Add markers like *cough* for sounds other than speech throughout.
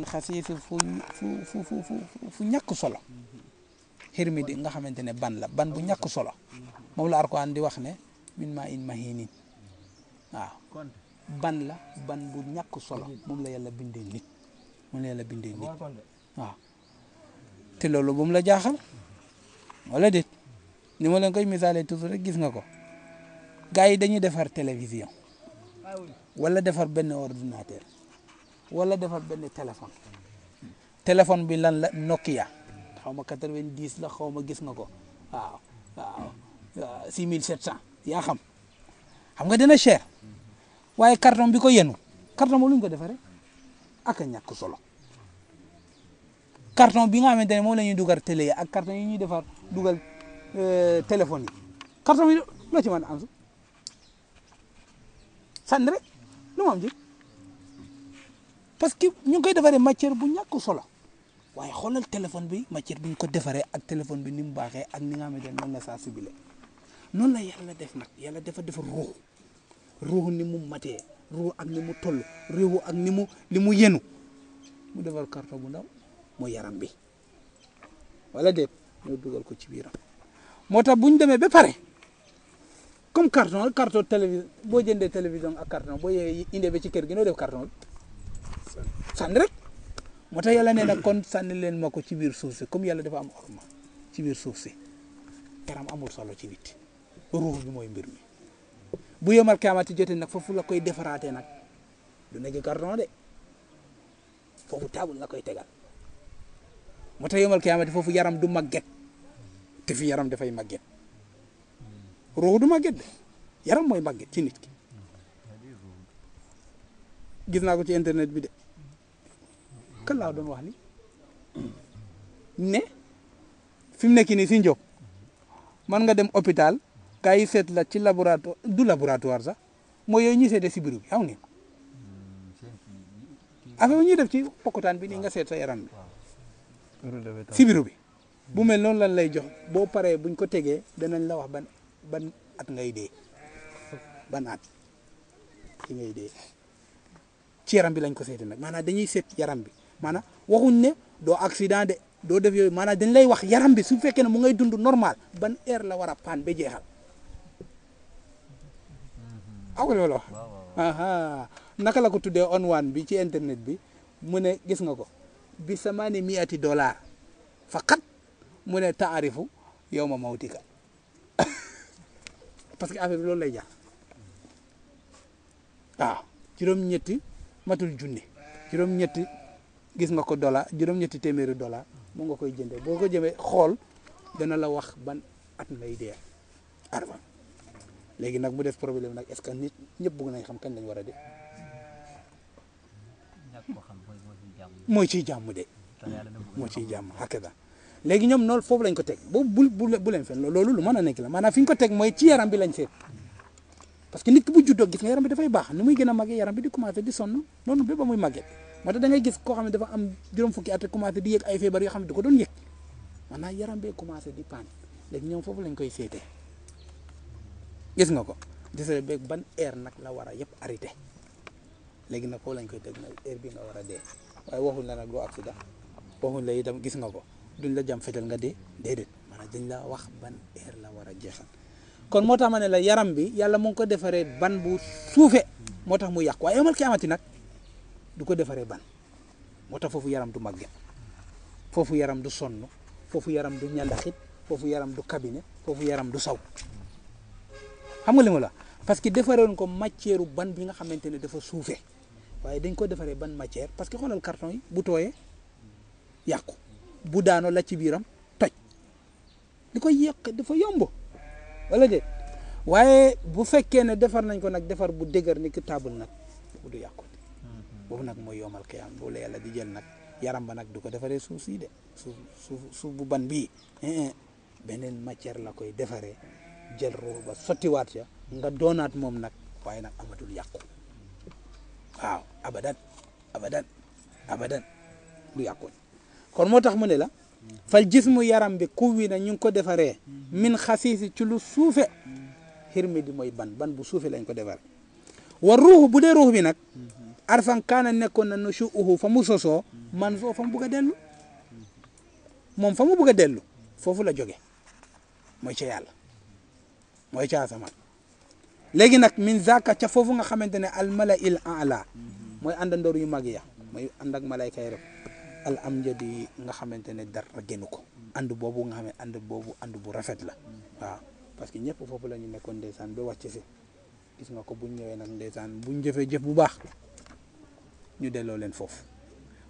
min xasiifi fu fu fu fu ñàkk solo xirmidi xamante ne ban la ban bu ñàkk solo moom la Alxuraan di wax ne min maa in ban la ban bu ñàkk solo moom la yàlla bindee nit moom la yàlla bindee nit waaw te loolu bu mu la jaaxal wala déet ni ma leen koy misaalee toujours rek gis nga ko gars yi dañuy defar télévision ah wala defar benn ordinateur wala defal ben téléphone téléphone bi lan la Nokia xawma 90 la xawma gis nga ko waaw waaw 6700 ya xam xam nga dina cher waye carton bi ko yenu carton mo luñ ko defare ak ñak solo carton bi nga xamantene mo lañuy la dugal télé ak carton yi ñuy defar dugal euh, téléphone yi carton yi lo ci man am sandre lu mo am jik parce que ñu ngi defaree matière bu ñàkk solo waaye xoolal téléphone bi matière bi ñu ko defaree ak téléphone bi ni mu baaxee ak ni nga xamante ne noonu la saa subile noonu la yàlla def nag yàlla dafa defar ruux ruux ni mu matee ruux ak ni mu toll ruux ak ni mu li mu yenu mu defar carton bu ndaw mooy yaram bi walla déet ñoo dugal ko ci biiram moo tax bu demee ba pare comme carton carton télévision boo jëndee télévision ak carton boo indee ba ci kër gi noo def carton sànni rek moo tax yàlla nee nag kon sànni leen ma ko ci biir suuf si comme yàlla dafa am orma ci biir suuf si yaram amul solo ci nit ruux bi mooy mbir mi bu yomal kaamati jote nag foofu la koy defaraatee nag du nekk carton de foofu taabul la koy tegal moo tax yomal kaamati foofu yaram du màgget te fi yaram dafay màgget ruux du màgget de yaram mooy màgget ci gis naa ko ci internet bi de kan laa doon wax ni ne fi mu nekk nii si man nga dem hôpital gars set seet la ci laboratoire du laboratoire sax mooy yooyu ñuy seetee si biir bi xaw ngeen affaire ñuy def ci pokkutaan bi nii nga seet sa yaram bi si biir bi bu mel noonu lan lay jox boo paree buñ ko tegee danañ la wax ban ban at ngay dee ban at ci ngay dee ci yaram bi lañ ko seetee nag maanaam dañuy seet yaram bi mana waxuñ ne do accident de do def yoy mana dañ lay wax yaram bi su fekke ne mu ngay dund normal ban air la war a paan jeexal aw loolu aha naka la ko tuddé on one bi ci internet bi mu ne gis nga ko bi samaani miati dollar faqat mu ne taarifu yawma ma mawtika *laughs* parce que affaire bi lay jaar waaw juróom-ñetti matul junni juróom-ñetti gis nga ko dollar juróom-ñetti téeméeri dollar mu nga koy jëndee boo ko jëmee xool dana la wax ban at ngay dee arba léegi nag mu def problème nag est ce que nit ñëpp bëgg nañ xam kañ lañ war a dee mooy ciy jàmm de moo ciy jàmm hakada léegi ñoom noonu foofu lañ ko teg boobu bu bu leen fen loolu lu mën a nekk la maanaam fi ñu ko teg mooy ci yaram bi lañ seet parce que nit ki bu juddoo gis nga yaram bi dafay baax ni muy gën a màggee yaram bi di commencé di sonn noonu ba ba muy màggee moo tax da gis koo xam ne dafa am juróom fukki at commencé di yëg ay feebar yoo xam ne du ko doon yëg maanaam yaram bee commencé di paan léegi ñoom foofu lañ koy seetee gis nga ko desere beeg ban heure nag la war a yëpp arrêté léegi nag foofu lañ koy teg nag bi nga war a dee waaye waxuñ la nag doo accident waxuñ la gis nga ko duñ la jam fetal nga dee déedéet dañ la wax ban heure la war a jeexal kon moo tax ma ne la yaram bi yàlla mu ko defaree ban bu suufee moo tax mu yàqu waaye amal ki amati nag du ko defaree ban moo tax foofu yaram du màgget foofu yaram du sonn foofu yaram du ñàllaxit foofu yaram du cabinet foofu yaram du saw xam nga li ma la parce que defaroon ko matière ban bi nga xamante ne dafa suufee waaye dañ ko defaree ban matier parce que xoolal carton yi bu tooye yàqu bu daanoo la ci biiram toj li koy yàq dafa yomb wala de waaye bu fekkee ne defar nañ ko nag defar bu dëgër ni ki table nag bu du yàqu boobu nak moy yomal qiyam boobu la di jël nak yaram ba nak du defare suuf de suuf suuf bu ban bii benen matière la koy defare jël ruu ba wat ya nga donat mom nak waye nak amatul yàqu waaw abadan abadan abadan du yàqul kon motax tax ne la fal jismu yaram bi kuwi na ñu ko defare min khasis ci lu soufé hirmi di moy ban ban bu soufé lañ ko defare war ruh bu de bi nak arfan kaana nekkoon na nu suuhu fa mu sosoo man soo fa mu bugg a dellu moom fa a dellu foofu la jóge mooy ca yàlla mooy ca asamaan léegi nag min zaaka ca foofu nga xamante ne al mala il ala mooy àndandoor yu mag ya mooy ànd ak malayka yi rek al am njëdi nga xamante ne dara génn ko ànd boobu nga xam ne ànd boobu ànd bu rafet la waaw parce que ñëpp foofu la ñu nekkoon ndeysaan ba wàcc si gis nga ko buñ ñëwee nag ndeysaan buñ jëfee jëf bu baax ñu delloo leen foofu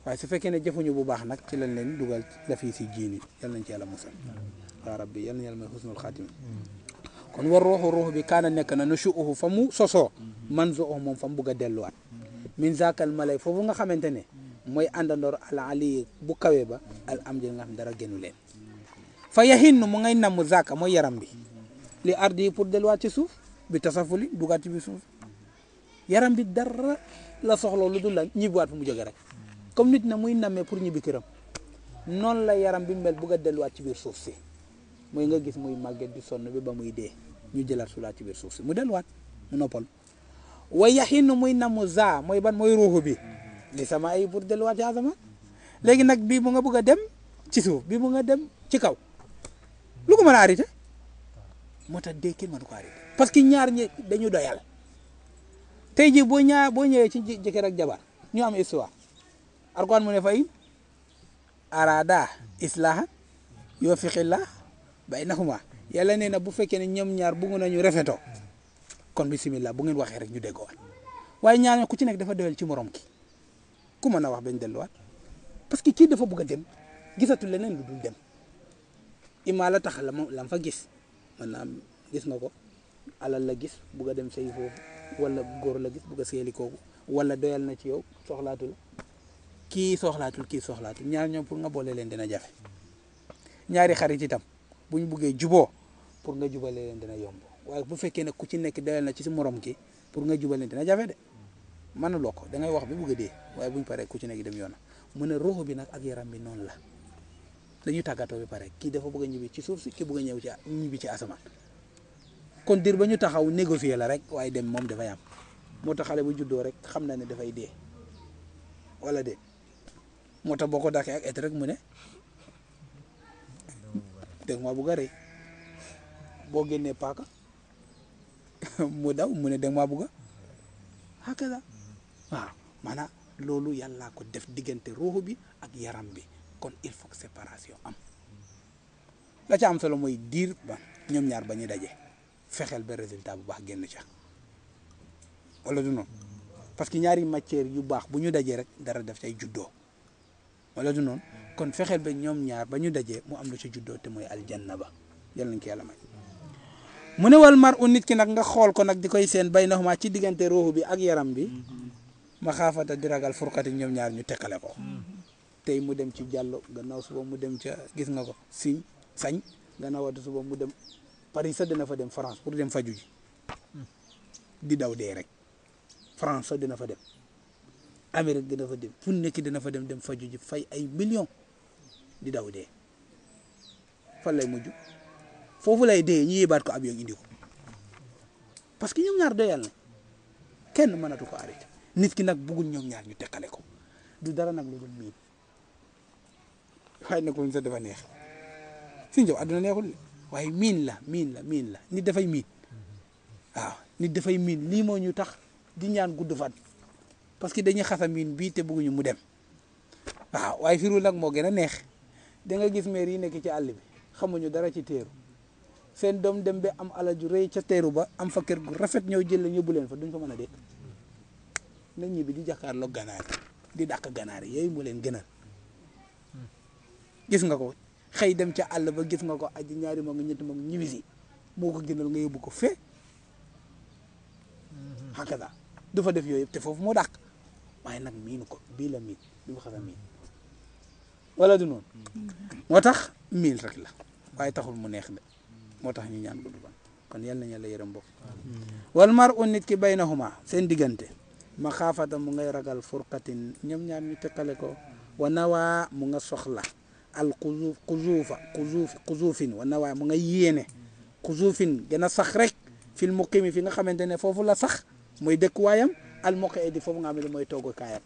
waaye su fekkee ne jëfuñu bu baax nag ci lañ leen dugal dafii si jiini yal nañ ci yàlla musal yaa rabbi yal nañ yàlla may xusnul xaatima kon war ruuxu ruux bi kaana nekk na nu suuhu fa mu sosoo man zo moom fa mu bugg a delluwaat min zaakal malay foofu nga xamante ne mooy àndandor al ali bu kawee ba al am nga xam dara genu leen fa yahinnu mu ngay namm zaaka mooy yaram bi li ardi pour delluwaat ci suuf bi tasafuli dugaat ci bi suuf yaram bi dara la soxlaw lu dul la ñibbiwaat fu mu jógee rek comme nit na muy nammee pour ñibbi këram noonu la yaram bi mel bugg a delluwaat ci biir suuf si mooy nga gis muy màgget di sonn bi ba muy dee ñu jëlaat sulaat ci biir suuf si mu delluwaat mu noppal way yaxinu muy namu za mooy ban mooy ruuxu bi li sama ay pour delluwaat ci asamaan léegi nag bii mu nga bugg a dem ci suuf bii mu nga dem ci kaw lu ko mën a arrêté moo tax dee kenn mënu ko arrêté parce que ñaar ñi dañu doyal tey jii boo ñaa boo ñëwee ci jëkkër ak jabar ñu am histoire Alxuraan mu ne fa in araada islaaha yuwaffiqillaahu baynahumaa yàlla nee na bu fekkee ne ñoom ñaar bu bëgg ñu rafetoo kon bisimilah bu ngeen waxee rek ñu déggoo waaye ñaar ku ci nekk dafa doyal ci morom ki ku mën a wax bañ delluwaat parce que kii dafa bëgg a dem gisatu leneen lu dul dem imaa la tax la fa gis maanaam gis nga ko alal la gis bëgg a dem sëy foofu wala góor la gis bëgg a seeli kooku wala doyal na ci yow soxlaatul kii soxlaatul kii soxlaatul ñaar ñoom pour nga boole leen dina jafe ñaari xarit itam bu ñu buggee juboo pour nga jubale leen dina yomb waaye bu fekkee ne ku ci nekk doyal na ci si morom ki pour nga jubale leen dina jafe de mënuloo ko da ngay wax bi bëgg a dee waaye buñ pare ku ci nekk dem yoona mën a ruux bi nag ak yaram bi noonu la dañuy tàggatoo bi pare kii dafa bëgg a ñibbi ci suuf si kii bëgg ñëw ci ñibbi ci asamaan kon diir ba ñu taxaw négocier la rek waaye dem mom dafay am moo tax xale bu juddoo rek xam na ne dafay dee wala dee moo boko boo ak et rek mu ne paka? maa bugg a rey boo génnee paaka *laughs* mu daw mu ne dégg maa bugg a hakada ko def diggante ruhu bi ak yaram bi kon il faut que séparation am la ca am solo mooy dir ba nyom ñaar ba daje fexel ba résultat bu baax génn ca wala du non parce que ñaari matière yu baax bu ñu dajé rek dara daf juddoo wala du non kon fexel ba ñoom ñaar ba ñu dajé mu am lu ci juddoo te al aljanna ba yàlla nañ ko yalla may mu ne wal mar unit nit ki nak nga xol ko nak di seen baynahuma ci diggante ruuxu bi ak yaram bi ma khafata diragal furqati ñoom ñaar ñu tekkale ko tey mu dem ci jallo gannaaw suba mu dem ci gis nga ko siñ sañ gannaaw suba mu dem Paris sax dina fa dem France pour dem faju ji hmm. di daw dee rek France sax dina fa dem Amérique dina fa dem fu nekk dina fa dem dem faju ji fay ay million di daw dee fan lay mujj foofu lay dee ñu yébaat ko avion indi ko parce que ñoom ñaar doyal na kenn mënatu ko arrêté nit ki nag bëggul ñoom ñaar ñu teqale ko du dara nag lu dul miin waaye nag moom sax dafa neex si njaw àdduna neexul waaye miin la miin la miin la nit dafay miin waaw nit dafay miin lii moo ñu tax di ñaan gudd fan parce que dañuy xasa miin bii te bëgguñu mu dem waaw waaye firul nag moo gën a neex da nga gis maire yi nekk ci àll bi xamuñu dara ci teeru seen doom dem ba am alal ju rëy ca teeru ba am fa kër gu rafet ñëw jël la yóbbu leen fa duñ fa mën a dee na ñi bi di jàkkaarloo ganaar di dàq ganaar yooyu mu leen gënal gis nga ko xëy dem ca àll ba gis nga ko aji ñaari moom ñetti moom ñibbisi moo ko gënal nga yóbbu ko fee xakada du fa def yooyu yëpp te foofu moo dàq waaye nag miinu ko bii la miin bi mu xas a miin wala du noonu moo tax miin rek la waaye taxul mu neex de moo tax ñu ñaan gudd fan kon yal nañu la yërëm bokk wal mar un nit ki baynahuma seen diggante ma xaafata mu ngay ragal furqatin ñoom ñaar ñu teqale ko wa nawaa mu nga soxla القذوف قذوف قذوف قذوف ونوع مغيين قذوف جنا صخرك في المقيم في نخا من دنا فوفو لا صخ موي دك وايام الموقي دي فوفو غامل موي توغو كاي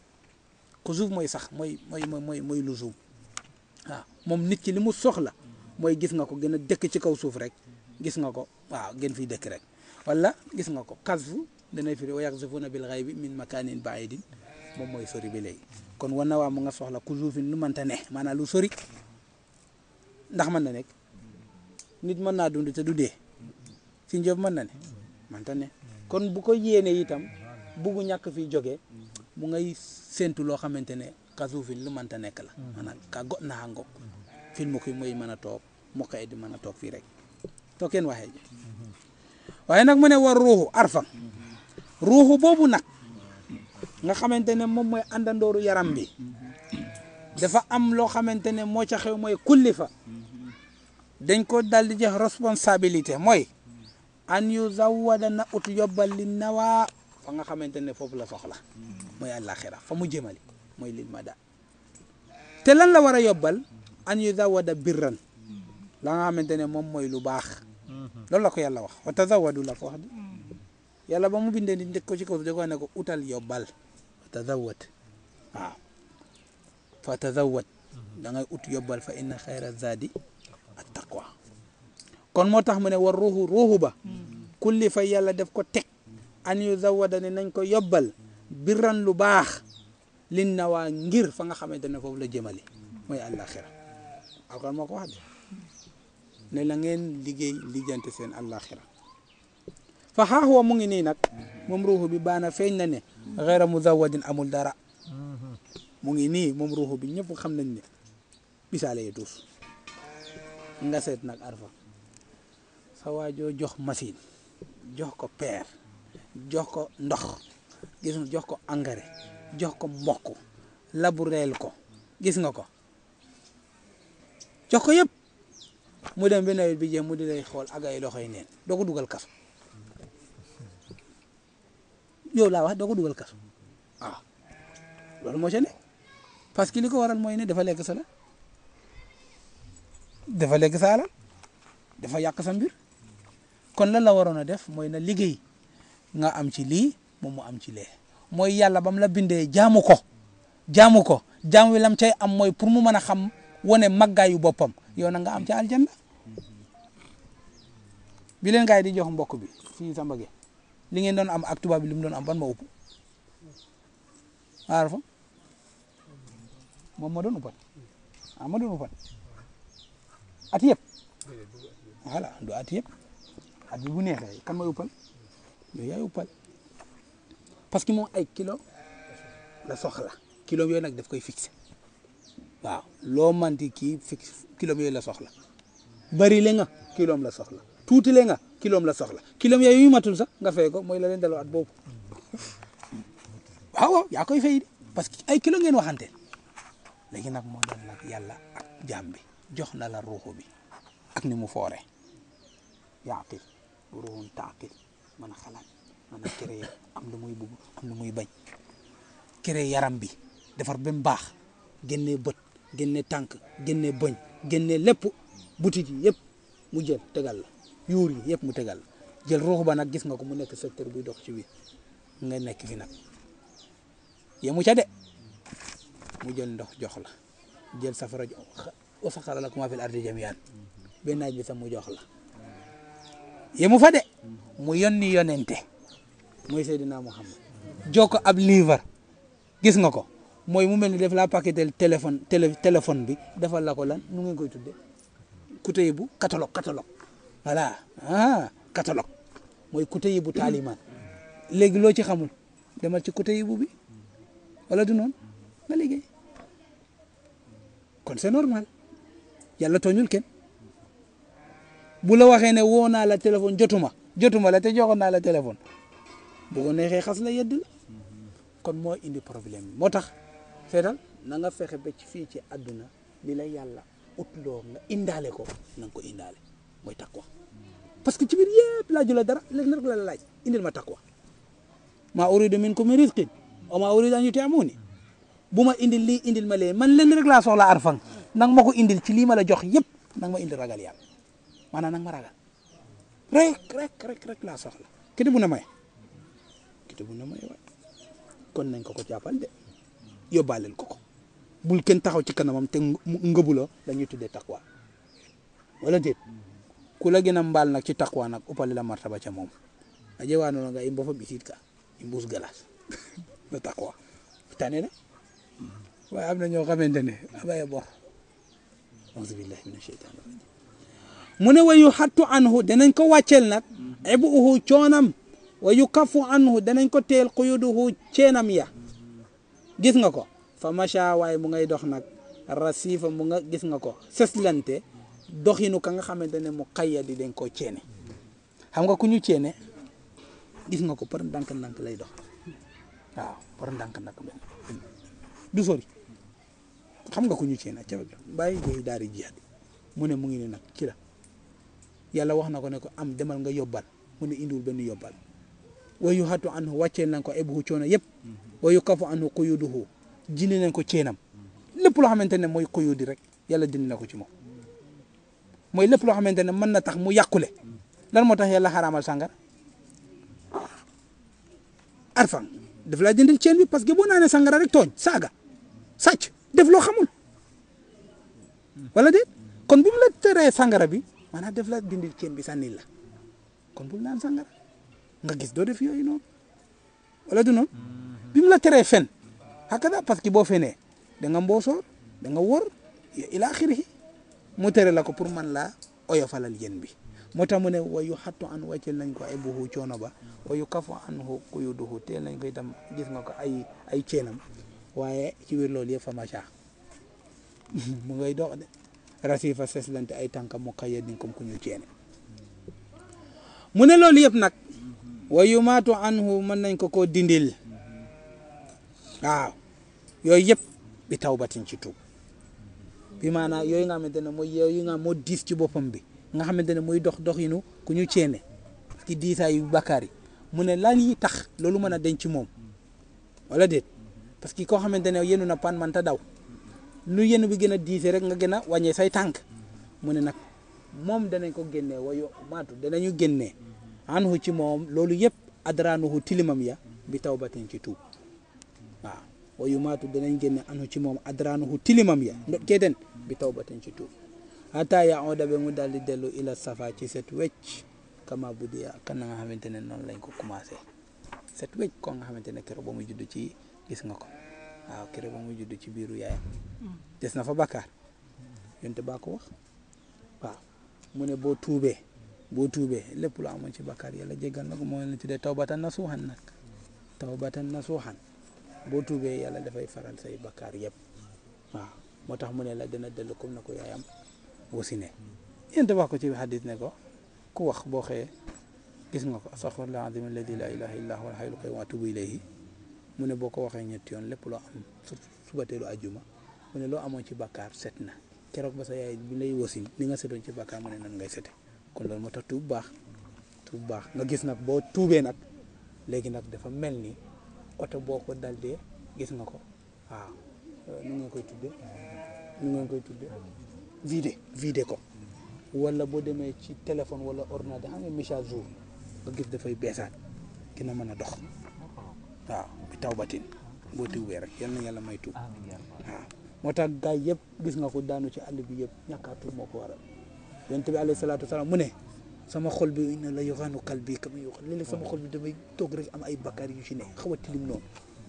قذوف موي صخ موي موي موي موي, موي لزوم ها موم نيت كي لمو سوخلا موي غيس نكو غنا دك سي كاو سوف رك غيس نكو واو غين في دك رك ولا غيس نكو كازو دنا في ويخزفون بالغيب من مكان بعيد موم موي سوري بلي kon war na waa mu nga soxla ku suufin lu mënta ne maanaam lu sori ndax mën na nekk nit mën naa dund du dee si njëf mën na ne mënta ne kon bu ko yéene itam bugg ñàkk fi jóge mu ngay séntu loo xamante ne ka suufin lu mënta nekk la maanaam ka got naa ngok fil mu ki muy mën a toog mu xëy di mën a toog fii rek too kenn waxee ji waaye nag mu ne war ruuxu arfan ruuxu boobu nag nga xamante ne moom mooy àndandooru yaram bi dafa am loo xamante ne moo ca xew mooy kullifa dañ ko dal di jox responsabilité mooy an yu zawada na ut yobbal li nawaa fa nga xamante ne foofu la soxla mooy àllaaxira fa mu jëmale mooy lil mada te lan la war a yobbal an yu zawada birran la nga xamante ne moom mooy lu baax loolu la ko yàlla wax wa tazawadu la ko wax yàlla ba mu bindee nit ko ci kaw da ko ne ko utal yobbal tazawat ah. fa tazawat mhm. da ut yóbbal fa inna xayra zaadi ak taqwa kon moo tax mu ne war ruuxu ruuxu ba mhm. kulli fa yàlla def ko teg an yu ne nañ ko yóbbal birran lu baax lin na waa ngir fa nga xamante ne foofu la jëmale mooy àllaaxira alxuraan moo ko wax ne la ngeen liggéey lijjante seen àllaaxira fa xaaxuwa mu ngi nii nag mhm. moom ruuxu bi baana feeñ na ne غير مزود amul dara mhm. mu ngi nii moom ruuxu bi ñëpp xam nañ ne nga set nag arfa sa waajoo jox machine jox ko père jox ko ndox gis nga jox ko engrais jox ko mbokk laboureel ko gis nga ko jox ko yeb mu dem bi nawet bi je mu di lay xool ak neen doo ko dugal kaso yow laa wax doo ko dugal kaso waaw ah. loolu moo ca ne parce que li ko waral mooy ne dafa lekk sa la dafa lekk sa kon lan la waroon a def mooy na liggéey nga am ci lii moom mu am ci lee mooy yàlla ba mu la bindee jaamu ko jaamu ko jaam wi lam cay am mooy pour mu mën a xam wane màggaayu boppam yow na nga am ca aljanna bi leen gaay di jox mbokk bi fii Samba Gueye li ngeen doon am ak tuba bi lim doon am ban moo ëpp aarfa ah, mom moo doon uppat am ah, moo doon uppat at yeb wala do at yeb at bi bu neexee kan mooy uppal yo yaay uppal parce que moom ay kilo la soxla kilo yooyu nak daf koy fixer waaw loo manti ki fix kilo yooyu la soxla bari le nga kilo la soxla tuutile nga kiloom la soxla kiloom ya yu matul sa nga fay ko mooy la leen daloo at boobu waaw waaw yaa koy fay di parce que ay kilo ngeen waxante léegi nag mo doon nag yàlla ak jaam bi jox na la ruuxu bi ak ni mu foore yaaqil ruuxum taaqil mën a xalaat mën am lu muy bugg am lu muy bañ créer yaram bi defar ba mu baax génnee bët génnee tànk génnee bëñ génnee lépp butit yi mu jël tegal la yuur yi yëpp mu tegal jël ruux ba nag gis nga ko mu nekk secteur buy dox ci biir nga nekk fi nag yemu ca de mu jël ndox jox la jël safara jox wa saxara lakum maa fil ardi jamii'an benn naaj bi sax mu jox la yemu fa de mu yónni yonente mooy mu xam jox ko ab liivar gis nga ko mooy mu mel ni def laa paquetel téléphone télé téléphone bi defal la ko lan nu ngeen koy tudde ku téye bu catalogue catalogue voilà ah catalogue mooy Kutayib bu Taalimaan léegi loo ci xamul demal ci Kutayib bi wala du noonu nga liggéey kon c'est normal yàlla tooñul kenn bu la waxee ne woo naa la téléphone jotuma jotuma la te joxoon naa la téléphone bu ko neexee xas la yedd la kon moo indi problème bi moo tax seetal nanga nga fexe ba ci fii ci àdduna li la yàlla utloo nga indaale ko na nga ko indaale moy takwa, parce que ci bir yépp ya, la jël dara léegi nag la takwa. laaj indil ma takwa ma uridu minkum min rizqin wa maa uridu an yut'amuni buma indil li indil ma man leen rek la soxla arfan nang mako indil ci li ma la jox yépp nang ma indi ragal yalla manana nang ma ragal rek rek rek rek la soxla kité bu na may kité bu na may wa kon nañ ko ko jappal de yobalel ko ko bul ken taxaw ci kanamam te ngëbu la dañuy tuddee wala déet ku la gën a mbaal nag ci taqwa nag uppale la martaba ca moom a ƴewanona nga i mbofa ɓisiid ka i mbuus galas no *laughs* taqwa tane na waaye am na ñoo xamante ne abaya bor auzubillahi mu ne wayu xattu anhu danañ ko wàcceel nag ibuhu coonam wayu kafu anhu danañ ko teel quyuduhu ceenam ya gis nga ko fa macha waaye mu ngay dox nag rasifa mu nga gis nga ko seslante doxinu ka nga xamante ne mu xayya di dañ koo ceene xam nga ku ñu ceene gis nga ko par ndànk-ndànk lay dox waaw par ndànk-ndànk du sori xam nga ku ñu ceene ca bàyyi jooyu daari jiyaat mu ne mu ngi ne nag ci la yàlla wax na ko ne ko am demal nga yóbbal mu ne indiwul benn yobbal wayu xatu anhu wàcceel nañ ko ebuhu coono yëpp wayu kafu anhu kuyuduhu jindi nañ ko ceenam lépp loo xamante ne mooy kuyudi rek yàlla dindi na ko ci moom mooy lépp loo xamante ne mën na tax mu yàqule lan moo tax la xaraamal sàngar arfan daf laa jëndil ceen bi parce que boo naanee sàngara rek tooñ saaga sàcc def loo xamul wala déet kon bi la teree sàngara bi maanaam daf la dindil ceen bi sànni la kon bul naan sàngara nga gis doo def yooyu noonu wala du noonu la teree fen xakada parce que boo fenee da nga mboosoor da nga ila axirihi mu tere la ko pour man la oyofalal yéen bi moo tax mu ne wayu xattu an wàccel nañ ko ay buhu coono ba wayu kafu an hu kuyu duhu teel nañ ko itam gis nga ko ay ay ceenam waaye ci biir loolu yëpp fa macha *laughs* mu ngay dox de rasifa seslante ay tànka mu xëyee di comme ku ñu ceene mu ne loolu yëpp nag wayu maatu an hu mën nañ ko koo dindil waaw yooyu yëpp bi tawbatin ci tuub bi maanaam yooyu nga xamante ne mooy yooyu nga moo diis ci boppam bi nga xamante ne mooy dox dox ku ñu ceene ci diisaay yu bàkkaar yi mu ne lan yi tax loolu mën a denc ci moom wala déet parce que koo xamante ne yenu na pan manta daw nu yenu bi gën a diise rek nga gën a wàññee say tànk mu ne nag moom danañ ko génne wayo maatu danañu génnee anhu ci moom loolu yëpp adraanuhu tilimam ya bi tawbatin ci tuub wa yumaatu danañ génne anu ci moom adraanuhu tilimam ya ndot keeten bi tawbatin ci tuub hatta yaoda be mu daal di dellu ila safa ci set wecc kama budiya kan na nga xamante ne noonu lañ ko commencé set wecc ko nga xamante ne keroog ba mu judu ci gis nga ko waaw keroog mu judd ci biiru yaayam mm. des na fa bakkaar yonte baa ko wax waaw mu ne boo tuubee boo tuubee lépp lu amoon ci bakkaar yàlla jéggal na ko moo leen tuddee tawbatan boo tuubee yàlla dafay faral say bakkaar yëpp waaw moo tax mu ne la dana dellu comme na ko yaayam wasine yéen wax ko ci xadis ne ko ku wax boo xëyee gis nga ko astaxfirullah azim alladi la ilaha illa huwa alhayyul qayyum wa atubu ilayhi mu ne boo ko waxee ñetti yoon lépp loo am surtout subateelu ajjuma mu ne loo amoon ci bakkaar set na keroog ba sa yaay bi lay wasin ni nga setoon ci bakkaar mu ne nan ngay sete kon loolu moo tax tuub baax tuub baax nga gis nag boo tuubee nag léegi nag dafa mel ni oto boo ko dal dee gis nga ko waaw nu ngeen koy tudde nu ngeen koy tudde vidé vidé ko walla boo demee ci téléphone wala ordinateur xam nga message jour nga gis dafay beesaat dina mën a dox waaw bi taw batin boo tiwbee rek yal na yàlla may tuub waaw moo tax gaay yëpp gis nga ko daanu ci àll bi yëpp ñàkkaatu moo ko waral yonent bi alayhi salaatu wasalaam mu ne sama xol bi ina la yoxaanu qalbi kam kama yoxaan leeg sama xol bi damay tok rek am ay bakar yu ci ne xawati lim non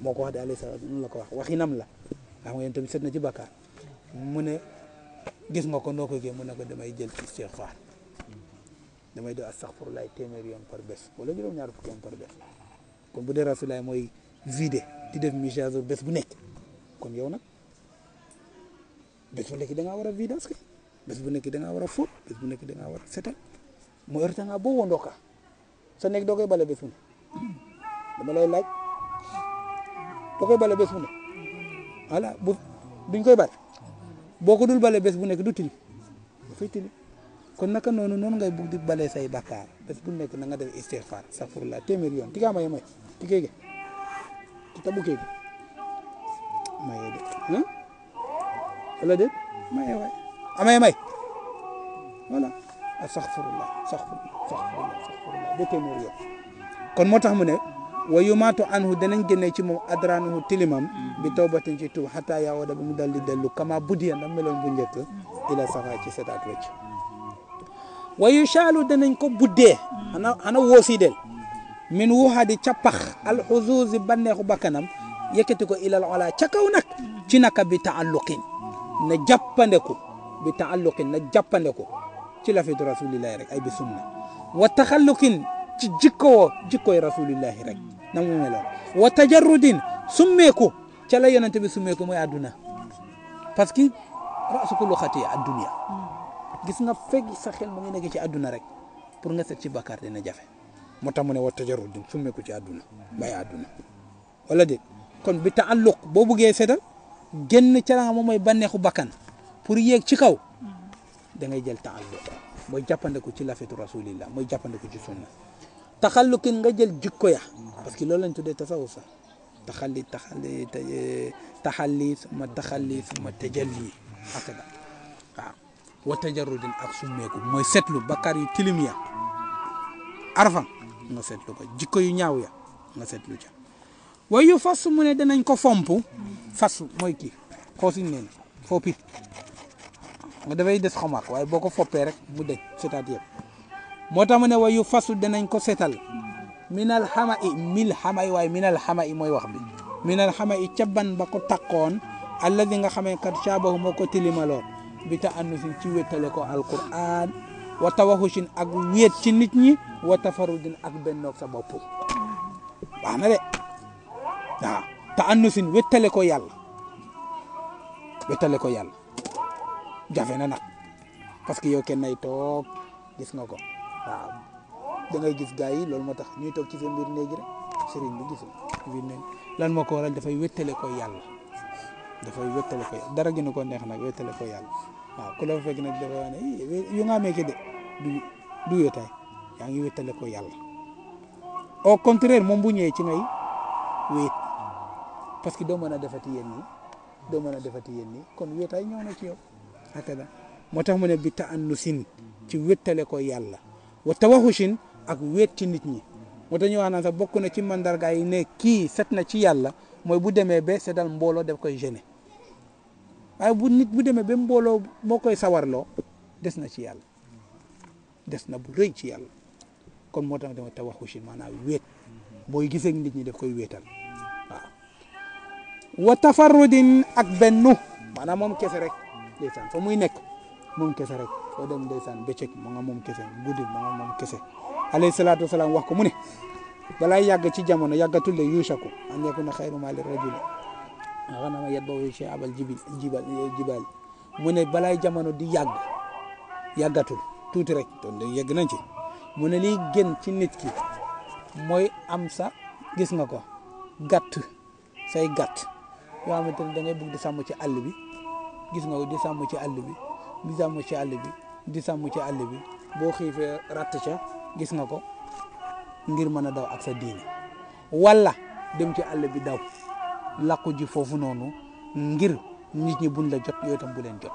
moko wax dalay sa salaatu la ko wax waxinam la xam ngeen yéen tamit set ci bakar mune gis nga ko noko ge gee mu ne ko damay jël istixfaar damay def astaxfirullaah temer yon par bés wala juróom-ñaar fu yoon par bés kon bu de rasulaay moy vidé di def message bés bu nek kon yow nak bés bu nek da nga wara vidé bés bu nek da nga wara a bés bu nek da nga wara setal mu heurtanga bo wondoka sa nekk doo bale bés bu ne dama lay laaj doo bale bés bu ne voilà bu koy bale boo ko dul bale bes bu nekk du tilim dafay tilim kon naka noonu noonu ngay bugg di bale say bakkaar bés bu nekk na nga def istighfar safurla téeméer yoon ti kaa maye may ti kéege ti tabu kéege maye de wala déet maye ah, maye استغفر الله استغفر الله استغفر الله استغفر الله دي تيمور يوف كون موتاخ مو نه ويمات عنه دنن جيني سي موم ادرانه تليمم بتوبه سي تو حتى يا ود بم دال دي دلو كما بودي نا ميلون بو نيك الى صفا سي سيتات ويتش ويشال دنن كو بودي انا انا ووسي دل من وحدي تشاخ الحظوظ بنخ بكنم يكتي كو الى العلا تشكو نك تي نك بتعلق نجاباندكو بتعلق نجاباندكو ci lafitu rasulillahi rek ay bi sunna wa taxalluqin ci jikkowoo jikkoy rasulillahi rek na mu meloon wa tajarrudin summeeku ca la yonente bi summeeku mooy àdduna parce que rasu kullu xatiya addunya gis nga sa xel mu ngi nekk ci àdduna rek pour nga set ci bàkkaar dina jafe moo tax mu ne wa tajarrudin summeeku ci àdduna bàyyi àdduna wala déet kon bi taalluq boo buggee setal génn ca la nga moom mooy bànneexu bakkan pour yéeg ci kaw da ngay jël taxalluq moy jappandeku ci lafetu rasulillah moy jappandeku ci sunna taxalluqin nga jël jikko ya parce que loolu lañ tuddé tasawuf sax taxalli taxalli taxalli suma taxalli suma tajalli akada waaw wa tajarrud ak summeeku moy setlu bakkaar yu tilim ya arfan nga setlu ko jikko yu ñaaw ya nga setlu ci wayu fas mu ne danañ ko fomp fas mooy kii xoosiñ neen foppi nga dafay des xomaak waaye boo ko foppee rek mu dëj setaat yëpp moo tax mu ne wayu fasu danañ ko setal minal xama i mil xama i waaye minal xama i mooy wax bi minal xama i caban ba ko takkoon alladi nga xamee kat caabahu moo ko tilimaloon bi ta annusin ci wéttale ko alquran wa tawaxusin ak wéet ci nit ñi wa tafarudin ak bennoog sa bopp baax na de waaw ta annusin wéttale ko yàlla wéttale ko yàlla jafe na nag parce que yoo kenn nay toog gis nga ko waaw da gis gaa yi loolu moo tax ñuy toog ci seen biir néegi rek sëriñ bi gisul biir néeg lan moo ko waral dafay wéttale ko yàlla dafay wéttale ko yàlla dara gënu ko neex nag wéttale ko nag dafa ne yu nga amee yaa ngi wéttale ko yàlla au contraire moom bu ñëwee ci ngay wéet parce que doo mën a defati yéen ñi doo mën a defati yéen ñi kon na ci yow. hakada moo tax mu ne bi taannusin ci wéttale ko yàlla wa tawaxushin ak wéet ci nit ñi moo tax ñu wax naan sax bokk na ci mandarga yi ne kii set na ci yàlla mooy bu demee ba setal mbooloo daf koy gêné waaye bu nit bu demee ba mbooloo moo koy sawarloo des na ci yàlla des na bu rëy ci yàlla kon moo tax dama tawaxushin maanaam wéet booy gisee nit ñi def koy wéetal waaw wa tafarrudin ak bennu maanaam moom kese rek ndeysaan muy nekk moom kese rek foo dem ndeysaan bëccëg mu nga moom kese guddi mu nga moom kese alayhi salaatu wasalaam wax ko mu ne balaay yàgg ci jamono yàggatul de yuusaku an yakuna xayru maali rajuli ganama yatba'uhu shi'abal jibil jibal jibal mu ne balaay jamono di yàgg yàggatul tuuti rek doon de yegg nañ ci mu ne liy gën ci nit ki mooy am sa gis nga ko gàtt say gàtt yoo xamante ne da ngay di sàmm ci àll bi gis nga di sàmm ci àll bi di sàmm ci àll bi di sàmm ci àll bi boo xiifee ratt ca gis nga ko ngir mën a daw ak sa diine walla dem ci àll bi daw làqu ji foofu noonu ngir nit ñi buñ la jot yooyu tam bu leen jot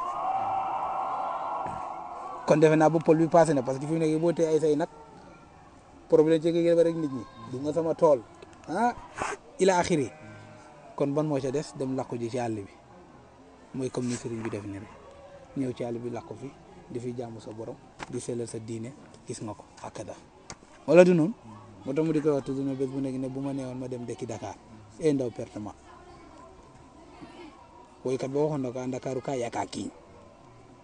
kon defe naa ba pol bi passé na parce que fi mu nekk boo tee ay say nag problème ci kii rek nit ñi du nga sama tool ah ila kon ban moo ca des dem làqu ji ci àll bi mooy comme ni bi def ni rek ñëw ci àll bi làkk fi di fi jaamu sa borom di sellal sa diine gis nga ko akada wala du moo tax mu di koy wax bu nekk ne bu ma neewoon ma dem dekki Dakar e ndaw pertement woykat ba waxoon na ko ah, Ndakaaru kaa yaakaar kii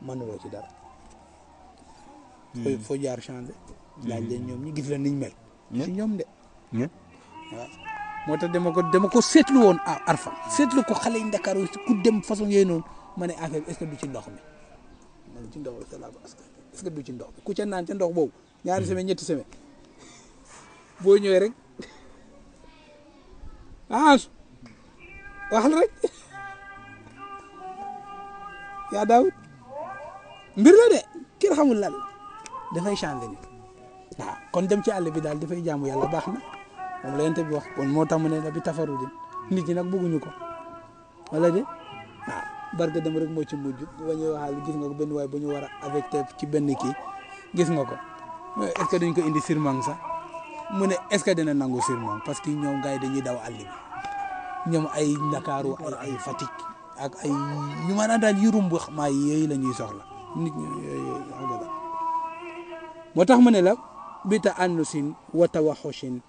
mënuloo ci dara hmm. foo jaar changé hmm. laaj leen ñoom ñi gis la niñ mel hmm. si ñoom de moo tax dama ko dama ko seetlu woon à Arfa seetlu ko xale yi Ndakaaru ku dem façon yooyu noonu ma ne affaire bi que du ci ndox mi ma ci ndox bi est-ce que du ci ndox bi ku ca naan ca ndox boobu ñaari hmm. semaine ñetti semaine boo ñëwee rek ah waxal rek yaa daawut mbir la de kenn xamul lan dafay changer ni kon dem ci àll bi daal dafay jaamu yàlla baax na. mom la yenté bi wax kon mo tam né ne la bi tafaru di? nit ñi nak bëggu ñuko wala de waaw barke dem rek mo ci mujj ba ñuy waxal gis nga ko benn way bu ñu war a affecté ci benn ki gis nga ko euh, est ce dañ ko indi sirmang sa mu né est ce que dina nangu sirmang parce que ñom gaay dañuy daw alli bi ay nakaru ay ay fatik ak ay ñu maanaam dal yurum bu xamaay yooyu lañuy soxla nit ñi yooyu moo tax mu ne la bita anusin wata wata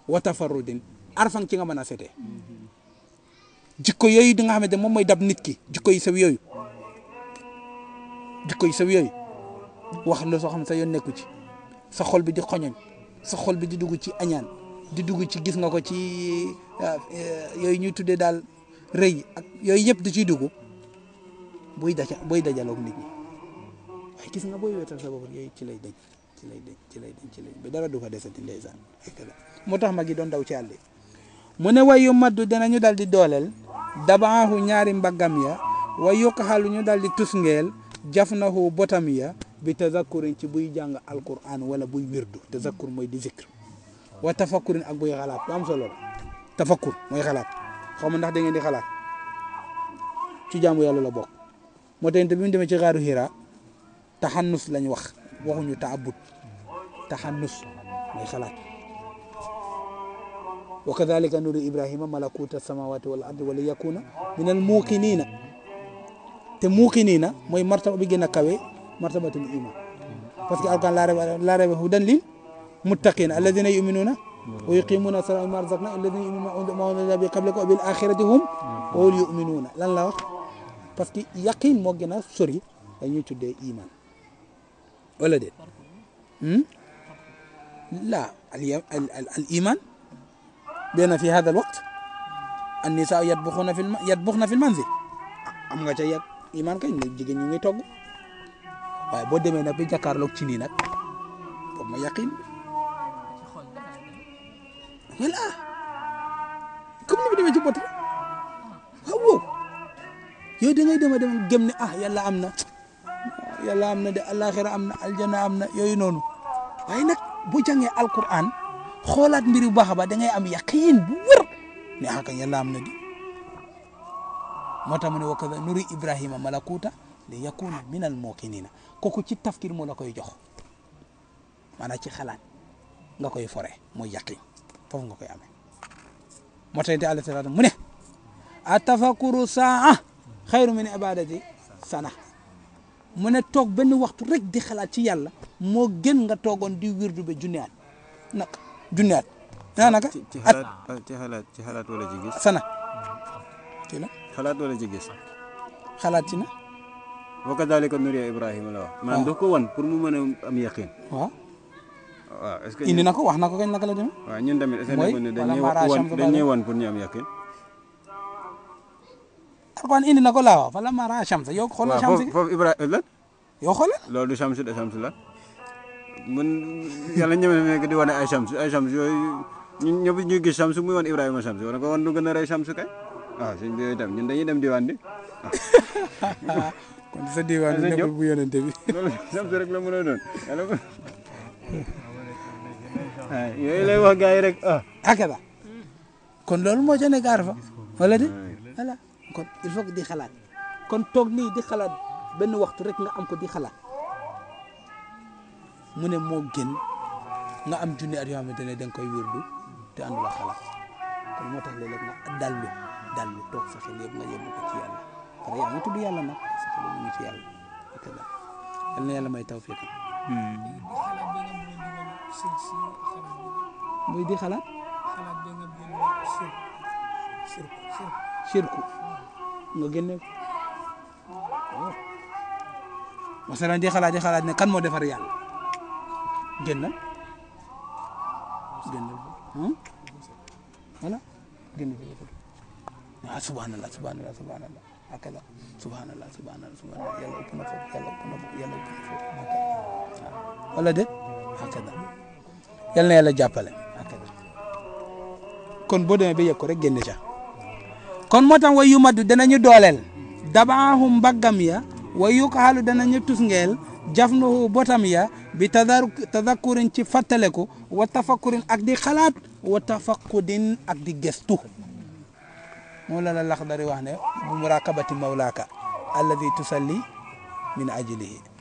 wata wata arfan ci nga mana sete jikko yoyi di nga xamante moom mooy dab nit ki jikko yi saw yooyu jikko yi saw yooyu wax la soo xam sa yoon nekku ci sa xol bi di xoñoñ sa xol bi di dugg ci añaan di dugg ci gis nga ko ci yooyu ñuy tuddee daal rëy ak di ciy dugg booy daja boy dajaloog nit ñi gis nga sa ci ci lay denc ci lay denc ci lay ba dara du fa desati ndeysaan moo tax mag yi doon daw ci àll mu ne wayu maddu ñu dal di dooleel dabaahu ñaari mbaggam ya wa yuqaxalu ñu dal di tusngeel jafnahu botam ya bi tazakkurin ci buy jàng alquran wala buy wirdu tazakkur mooy di zikr wa tafakkurin ak buy xalaat bu am solo tafakkur mooy xalaat xaw ndax da di xalaat ci jaamu yàlla la bokk moo tax bi mu demee ci xaaru Hira taxannus lañ wax وهم يتعبد تحنس ميخلات وكذلك نري إبراهيم ملكوت السماوات والأرض وليكون من الموقنين تموقنين مي مرتبة بيجينا كوي مرتبة الإيمان بس كأركان لا رب لا هدن لي متقين الذين يؤمنون ويقيمون الصلاة ما رزقنا الذين يؤمنون ما أنزل قبلك وبالآخرة هم يؤمنون لا لا بس يقين موجنا سوري أن يتدي إيمان ولدي م? لا الايمان بين في هذا الوقت النساء يطبخون في الم... يطبخن في المنزل ام غا تي ايمان كاين جيجن ني توغ واي بو ديمي نا بي جاكار لوك تيني نك بو ما يقين يلا كم ني بدي جي بوت هو يو دا ngay dama dem gem ni ah yalla amna yalla amna de alakhirah amna na aljana am nonu. yooyu noonu waaye nag alquran kholat mbir yu baax a da ngay am yaqeen bu wer ne haka yalla amna di motam ne wa kadha nuri ibrahim malakuta li yakuna min al koku ci tafkir mo la koy jox mana ci xalaat nga koy foré mo yaqiin fofu nga koy amee moo tax yàlla mu ne atafakuru saa khairu min ibadati sana mu ne toog benn waxtu rek di xalaat ci yàlla moo gën nga toogoon di wirdu ba junne at nag junne at daanaka ci xalaat ci xalaat ci xalaat wala ci gis sana kii la xalaat wala ci gis xalaat ci na wa kadalika nuriya ibrahima la wax maanaam daf ko wan pour mu mën a am yaqin waaw waaw indi na ko wax na ko naka la demee waaw ñun tamit est-ce que dañuy wan pour ñu am yaqin alquran indi na ko laawa fa lammaa raa shamsa yow xoolal shamsi waaw eh, loolu du shamsi de shamsi lan man yàlla ñeme na di wane ay shamsi ay shamsi yooyu ñun ñëpp ñu gis shamsi muy wan Ibrahima shamsi war na ko wan lu gën a rey shamsi kay waaw ah, suñ bi tam ñun dañuy dem di bi *laughs* kon sa diwaan bi nekkul bu yonente bi *laughs* a doon *laughs* ah, yooyu lay ah. loolu moo kon il faut di xalaat kon toog nii di xalaat benn waxtu rek nga am ko di xalaat mu ne moo gën nga am junni at yoo xamante ne da nga koy wérdu te àndula xalaat kon moo tax léeg-léeg nga dallu dallu ko ci yàlla parce yaa ngi tudd yàlla nag yàlla ak daal yal muy di xalaat. xalaat nga génne ko parce que di ne kan moo defar yàlla génn génn hmm? voilà génn bi ah subhanallah subhanallah subhanallah subhanallah subhanallah subhanallah yàlla ëpp na kon boo demee ba yegg ko rek génn ca kon moo tax way yu maddu danañu dooleel dabaahum mbaggam ya wa yuqaalu danañu tusngeel jafnuhu botam ya bi tadar tadakkurin ci fàttaleku wa tafakkurin ak di xalaat wa tafakkudin ak di gëstu moo la la laxdari wax ne muraakabati mawlaaka alladi tusalli min ajlihi